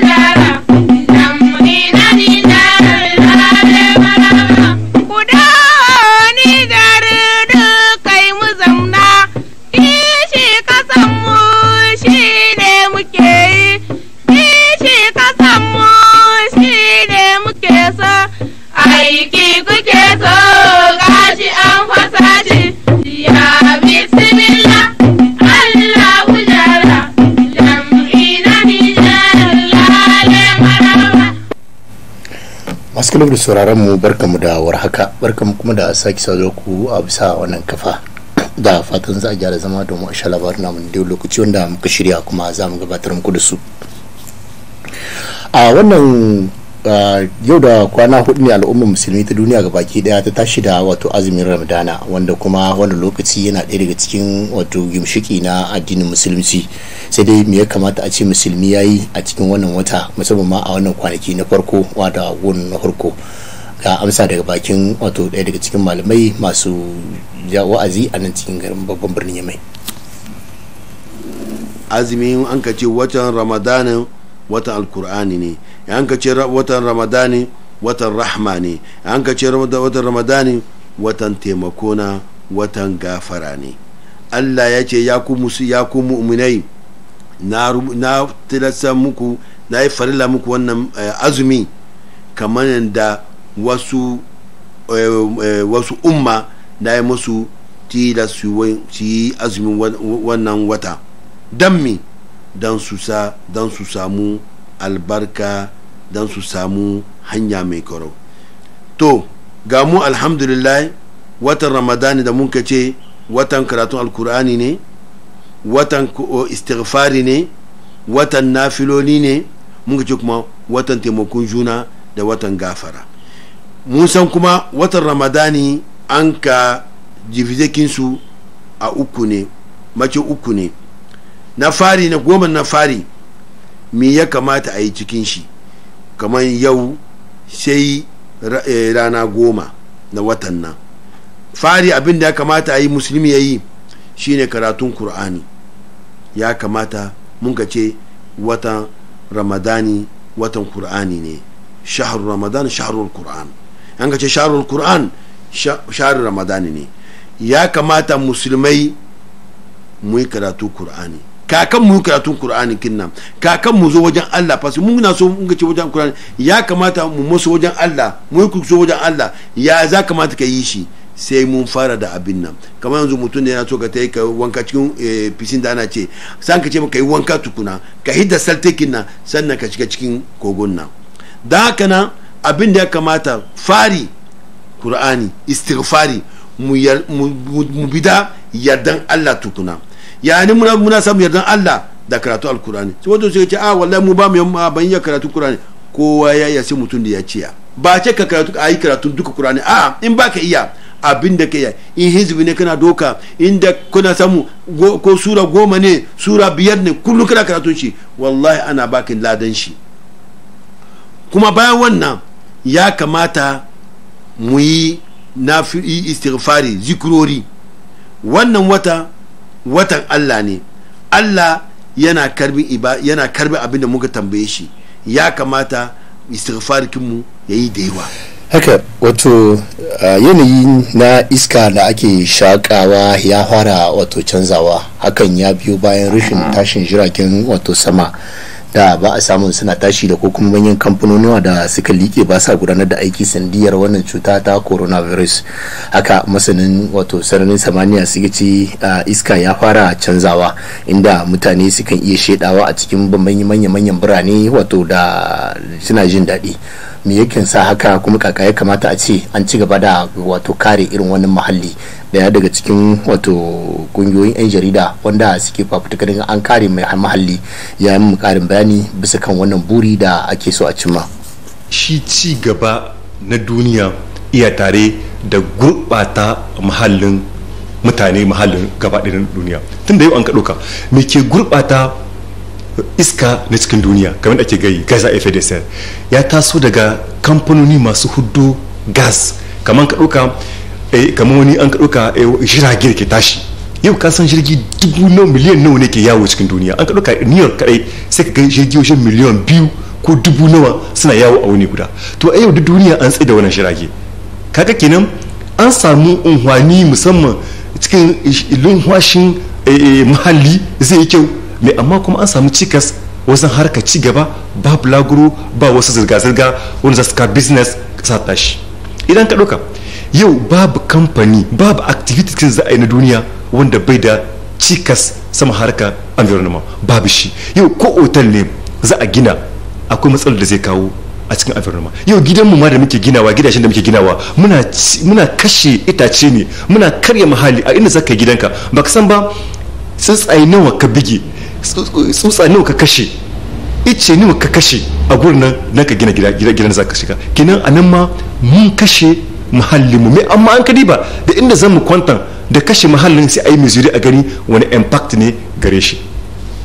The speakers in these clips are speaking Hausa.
Yeah. kalib da sauraron mu mu da war haka barka mu kuma da sake sazo ku a bisa wannan kafa da fatan za a gyara zama domin a sha labarin namun da lokaci wanda muka shirya kuma za mu gabatar muku da su a wannan yau da kwana hudu ne al'ummar musulmi ta duniya ga baki daya ta tashi da wato azumin ramadana wanda kuma wanda lokaci yana ɗaya daga cikin wato gimshiki na addinin musulunci sai dai me ya kamata a ce musulmi ya yi a cikin wannan wata musamman ma a wannan kwanaki na farko wata wani na farko ga amsa daga bakin wato ɗaya daga cikin malamai masu wa'azi a nan cikin garin babban birnin yamai azumin an ka ce watan ramadana. wata alkur'ani ne an ka ce watan ramadani watan rahma ne an ka ce watan ramadani watan taimakona watan gafara ne allah ya ce ya ku musu ya ku mu'minai na tilasta muku na yi farilla muku wannan eh, azumi kamar da wasu eh, eh, wasu umma na yi musu tilasta su yi azumin wannan wata don don su samu albarka dan su samu hanya mai kwaro to ga mu alhamdulillah watan ramadani da mun ce watan karatun alkur'ani ne watan istighfari ne watan nafiloli ne mun ce kuma watan taimakon juna da watan gafara mun san kuma watan ramadani an ka jifizekinsu a uku ne mace uku ne na fari na goma na fari me ya kamata a yi cikin shi kamar yau sai eh, rana goma na watan nan fari abin da ya kamata a yi musulmi ya yi shine karatun kur'ani ya kamata mun ka ce watan ramadani watan kur'ani ne shahar ramadan shaharul kur'an an ka ce shaharul kur'an shahar ramadani ne ya kamata musulmai mu yi karatu kur'ani kakan mu karatun qur'ani kinnan kakan mu zo wajen Allah fa mun na so mun ce wajen qur'ani ya kamata mu musu wajen Allah mu yi so wajen Allah ya za kamata ka yi shi sai mun fara da abin nan kamar yanzu mutum da yana so ka ta yi wanka cikin fisin eh, da ana ce san ka ce ka yi wanka tukuna ka hidda saltakin nan sannan ka shiga cikin kogon nan da haka nan abin da ya kamata fari kur'ani istighfari mu bida yardan allah tukuna yani muna muna samu yardan Allah da karatu alkurani sai wato sai ce a ah, wallahi mu ba mu yamma ban iya karatu kurani kowa ya iya sai mutum da ya ciya ba ce ka karatu a yi duka kurani a in ba ka iya abin da ka iya in hizbi ne kana doka inda kuna samu ko sura goma ne sura biyar ne kullum kana karatun shi wallahi ana baka ladan shi kuma bayan wannan ya kamata mu yi na istighfari zikurori wannan wata watan Allah ne Allah yana karbi yana karbi abin da muka tambaye shi ya kamata istighfarikin ya yi da yawa haka wato yanayi na iska da ake shakawa ya fara wato canzawa hakan ya biyo bayan rashin tashin jiragen wato sama da ba a samun suna tashi da ko kuma manyan kamfanoni da suka liƙe ba sa gudanar da aiki sandiyar wannan cuta ta coronavirus haka masanin wato sararin samaniya suka ce iska ya fara canzawa inda mutane sukan iya shaidawa a cikin manyan manyan birane wato da suna jin daɗi me yake sa haka kuma kaka ya kamata a ce an ci gaba da wato kare irin wannan muhalli daya daga cikin wato kungiyoyin 'yan jarida wanda suke daga an kare mai muhalli ya yi karin bayani bisa kan wannan buri da ake so a cimma shi ci gaba na duniya iya tare da gurɓata muhallin mutane muhallin gabaɗin duniya tun yau an ka ɗauka me ke gurɓata iska na cikin duniya kamar da ake gai gas a fdsl ya taso daga kamfanoni masu hudu gas kamar ka ɗauka eh, kamar wani an ka ɗauka da eh, ke tashi yau ka san jirgi dubu na miliyan nawa ne ke yawo cikin duniya an ka ɗauka new york kadai sai ka ga jirgi wajen miliyan biyu ko dubu nawa suna yawo a wani guda to a yau da duniya an tsaye da wannan jirage kaga kenan an samu unhwani musamman cikin eh, lunhwashin muhalli zai yi kyau mai amma kuma an samu cikas wajen harka ci gaba ba bulaguro ba wasu zirga-zirga wani za su ka business sa idan ka ɗauka yau babu kamfani babu activities za a yi na duniya wanda bai da cikas sama harka environment babu shi yau ko otal ne za a gina akwai matsalar da zai kawo a cikin environment yau gidanmu ma da muke ginawa gidashen da muke ginawa muna kashe itace ne muna karya mahalli a inda zaka gidanka baka san ba tsuntsaye nawa ka bige tsutsa nawa ka kashe ice nawa ka kashe a gurin nan ka gina gidan za ka shiga kenan a nan ma mun kashe muhallin mu amma an kadi ba da inda zan mu kwanta da kashe muhallin sai a yi mizuri a gani wani impact ne gare shi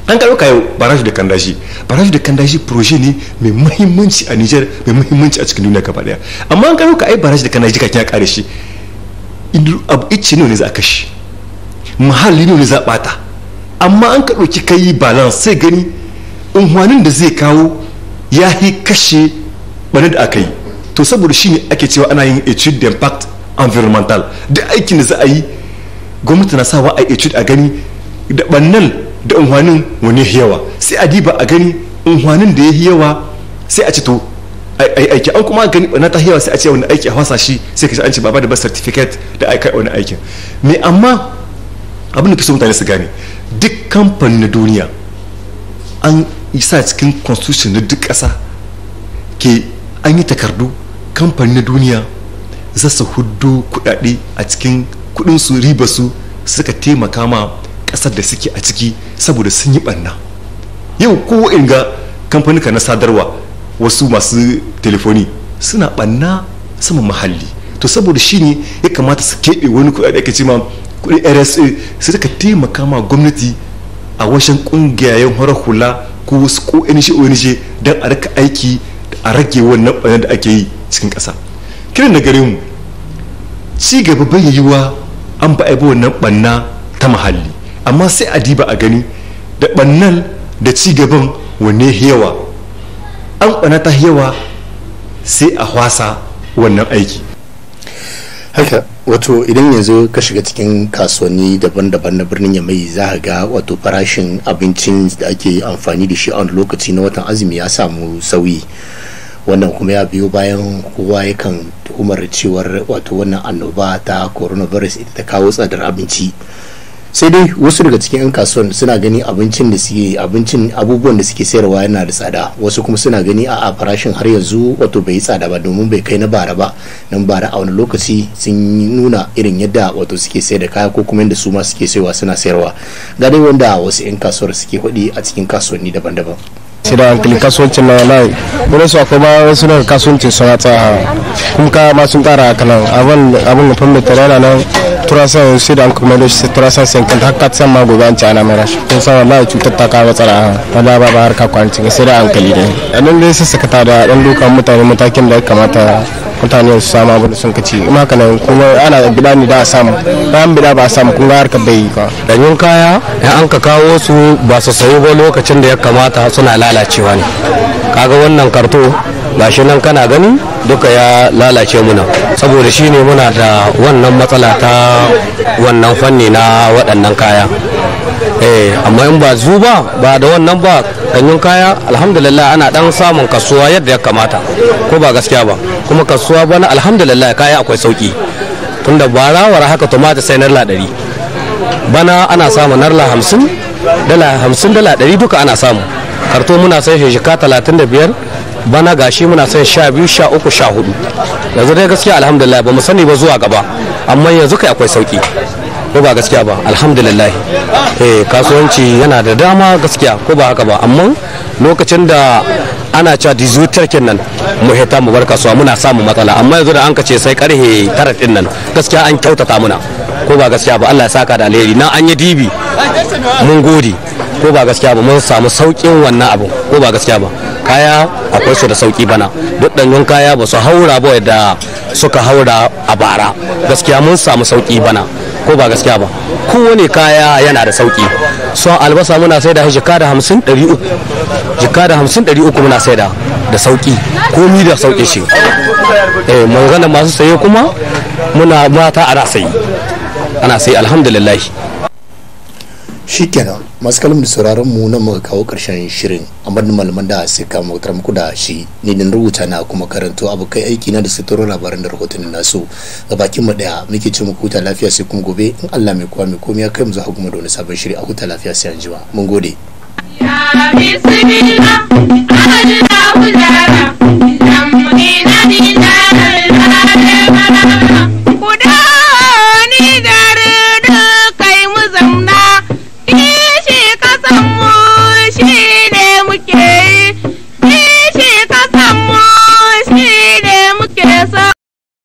an ka ɗauka yau barrage da kandaji barashi da kandaji proje ne mai muhimmanci a niger mai muhimmanci a cikin duniya gaba daya amma an ka ɗauka ai barrage da kandaji kakin ya kare shi abu ice ne za a kashe muhalli ne za a bata amma an ka ɗauki kai balance sai gani unhwanin da zai kawo ya yi kashe bane da aka yi to saboda shi ne ake cewa ana yin etude de impact environmental da aikin da za a yi gwamnati na sawa a etude a gani da ɓannan da unhwanin wani yawa sai a diba a gani unhwanin da ya yi yawa sai a ci to yi aiki an kuma gani na ta yawa sai a ce wani aiki a wasa shi sai ka an ce ba da ba certificate da aika wani aikin me amma abin da fi mutane su gane duk kamfani na duniya an isa cikin constitution na duk ƙasa ke an yi takardu kamfanin na duniya za su hudu kudade a cikin kudin su riba su suka taimaka ma ƙasar da suke a ciki saboda sun yi ɓanna yau ko inga kamfanika na sadarwa wasu masu telefoni suna ɓanna sama mahalli to saboda shi ne ya kamata su keɓe wani kudade ake ce ma rsa su suka taimaka ma gwamnati a washen kungiyayen horar hula ko wasu ko ong don a raka aiki a rage wannan ɓanar da ake yi cikin ƙasa kiran na gare mu ci gaba bai wa an ba wannan banna ta mahalli amma sai a diba a gani da ɓannan da ci gaban wanne yawa an ɓana ta yawa sai a hwasa wannan aiki haka wato idan yanzu ka shiga cikin kasuwanni daban-daban na birnin yamai za ka ga wato farashin abincin da ake amfani da shi a wani lokaci na watan azumi ya samu sauyi wannan kuma ya biyo bayan kowa yakan tuhumar cewar wato wannan annoba ta coronavirus ita ta kawo tsadar abinci sai dai wasu daga cikin 'yan kasuwan suna gani abincin da suke abincin abubuwan da suke sayarwa yana da tsada wasu kuma suna gani a farashin har yanzu wato bai yi tsada ba domin bai kai na bara ba nan bara a wani lokaci sun nuna irin yadda wato suke sayar da kaya ko kuma yadda su ma suke sayarwa suna sayarwa ga dai wanda wasu 'yan kasuwar suke hudi a cikin kasuwanni daban-daban sida da hankali kasuwancin na wallahi wani su akwai ma wasu suna kasuwancin sun hatsa kuma ka ma sun kara a kanan abin abin nufin mai tarana nan turasan sai da an kuma da shi turasan sai kan haka san ma gobe an ci ana mai rashi kun san wallahi cutar ta kawo matsala wala ba ba harka kwanci sai da hankali dai a nan dai sassaka ta da dan dukan mutane matakin da ya kamata mutane su samu abin da sun kaci ima ka nan kuma ana bida ne da a samu bayan bida ba a samu kun harka bai ka kaya ya an ka kawo su ba su sayi ba lokacin da ya kamata suna lalacewa ne kaga wannan karto gashi nan kana gani duka ya lalace muna saboda shi ne muna da wannan matsala ta wannan fanni na waɗannan kaya eh amma in ba zu ba ba da wannan ba ɗanyun kaya alhamdulillah ana ɗan samun kasuwa yadda ya kamata ko ba gaskiya ba kuma kasuwa bana alhamdulillah kaya akwai sauki tunda rawar haka tomata sai narla ɗari bana ana samun narla hamsin dala hamsin dala ɗari duka ana samu karto muna sai shi shika talatin da biyar bana gashi muna son sha biyu sha uku sha hudu yanzu dai gaskiya alhamdulillah ba mu sani ba zuwa gaba amma yanzu kai akwai sauki ko ba gaskiya ba alhamdulillah eh kasuwanci yana da dama gaskiya ko ba haka ba amma lokacin da ana cewa dizutar nan mu hita mu bar kasuwa muna samu matsala amma yanzu da an kace sai karhe tara din nan gaskiya an kyautata muna ko ba gaskiya ba Allah ya saka da alheri na an yi dibi mun gode ko ba gaskiya ba mun samu saukin wannan abu ko ba gaskiya ba kaya akwai su da sauki bana duk ɗangun kaya ba su haura ba da suka haura a bara gaskiya mun samu sauki bana ko ba gaskiya ba kowane kaya yana da sauki so albasa muna sai da jika da hamsin ɗari uku jika da hamsin ɗari uku muna sai da da sauki komi da sauki shi eh magana masu saye kuma muna mata a sayi ana sai alhamdulillahi shikenan masu kalmar sauraron mu nan muka kawo karshen shirin madin malaman da suka mutar muku da shi ne din rubuta na kuma karanto kai aiki na da su labaran da rahotannin nasu ga bakin mu daya muke ce muku huta lafiya sai kuma gobe in Allah mai kowa mai komi ya kai mu za kuma da wani sabon shiri a huta lafiya sai anjima mun gode